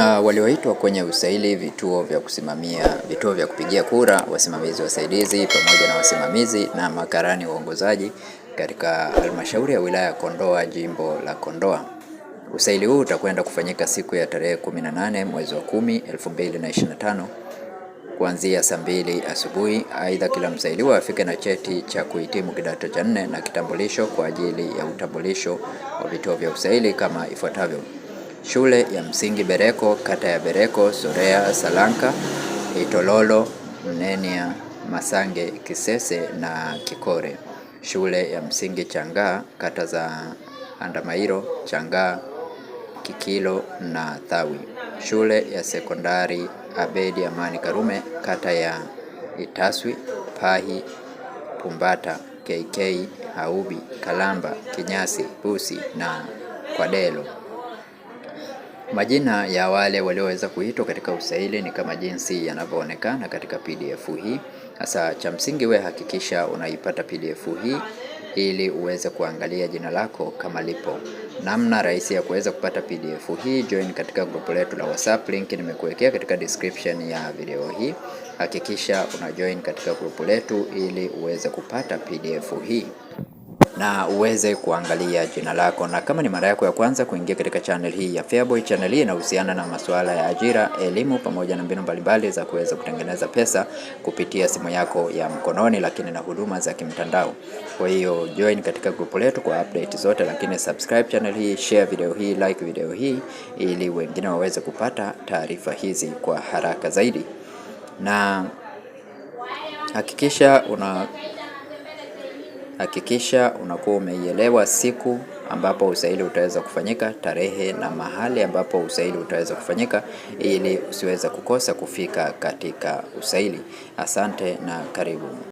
Ah, walioitwa kwenye usaili vituo vya kusimamia vituo vya kupigia kura, wasimamizi wasaidizi pamoja na wasimamizi na makarani waongozaji katika halmashauri ya wilaya ya Kondoa, jimbo la Kondoa. Usaili huu utakwenda kufanyika siku ya tarehe 18 mwezi wa 10 2025 kuanzia saa mbili asubuhi. Aidha, kila msailiwa afike na cheti cha kuhitimu kidato cha nne na kitambulisho kwa ajili ya utambulisho wa vituo vya usaili kama ifuatavyo. Shule ya Msingi Bereko, Kata ya Bereko, Sorea, Salanka, Itololo, Mnenia, Masange, Kisese na Kikore. Shule ya Msingi Changaa, Kata za Andamairo, Changaa, Kikilo na Thawi. Shule ya Sekondari Abedi Amani Karume, Kata ya Itaswi, Pahi, Pumbata, KK, Haubi, Kalamba, Kinyasi, Busi na Kwadelo. Majina ya wale walioweza kuitwa katika usaili ni kama jinsi yanavyoonekana katika PDF hii. Sasa cha msingi, we hakikisha unaipata PDF hii ili uweze kuangalia jina lako kama lipo. Namna rahisi ya kuweza kupata PDF hii, join katika grupu letu la WhatsApp, link nimekuwekea katika description ya video hii. Hakikisha una join katika grupu letu ili uweze kupata PDF hii na uweze kuangalia jina lako. Na kama ni mara yako ya kwanza kuingia katika channel hii ya Feaboy, channel hii inahusiana na masuala ya ajira, elimu pamoja na mbinu mbalimbali za kuweza kutengeneza pesa kupitia simu yako ya mkononi, lakini na huduma za kimtandao. Kwa hiyo join katika grupu letu kwa update zote, lakini subscribe channel hii, share video hii, like video hii ili wengine waweze kupata taarifa hizi kwa haraka zaidi, na hakikisha una Hakikisha unakuwa umeielewa siku ambapo usaili utaweza kufanyika, tarehe na mahali ambapo usaili utaweza kufanyika ili usiweze kukosa kufika katika usaili. Asante na karibu.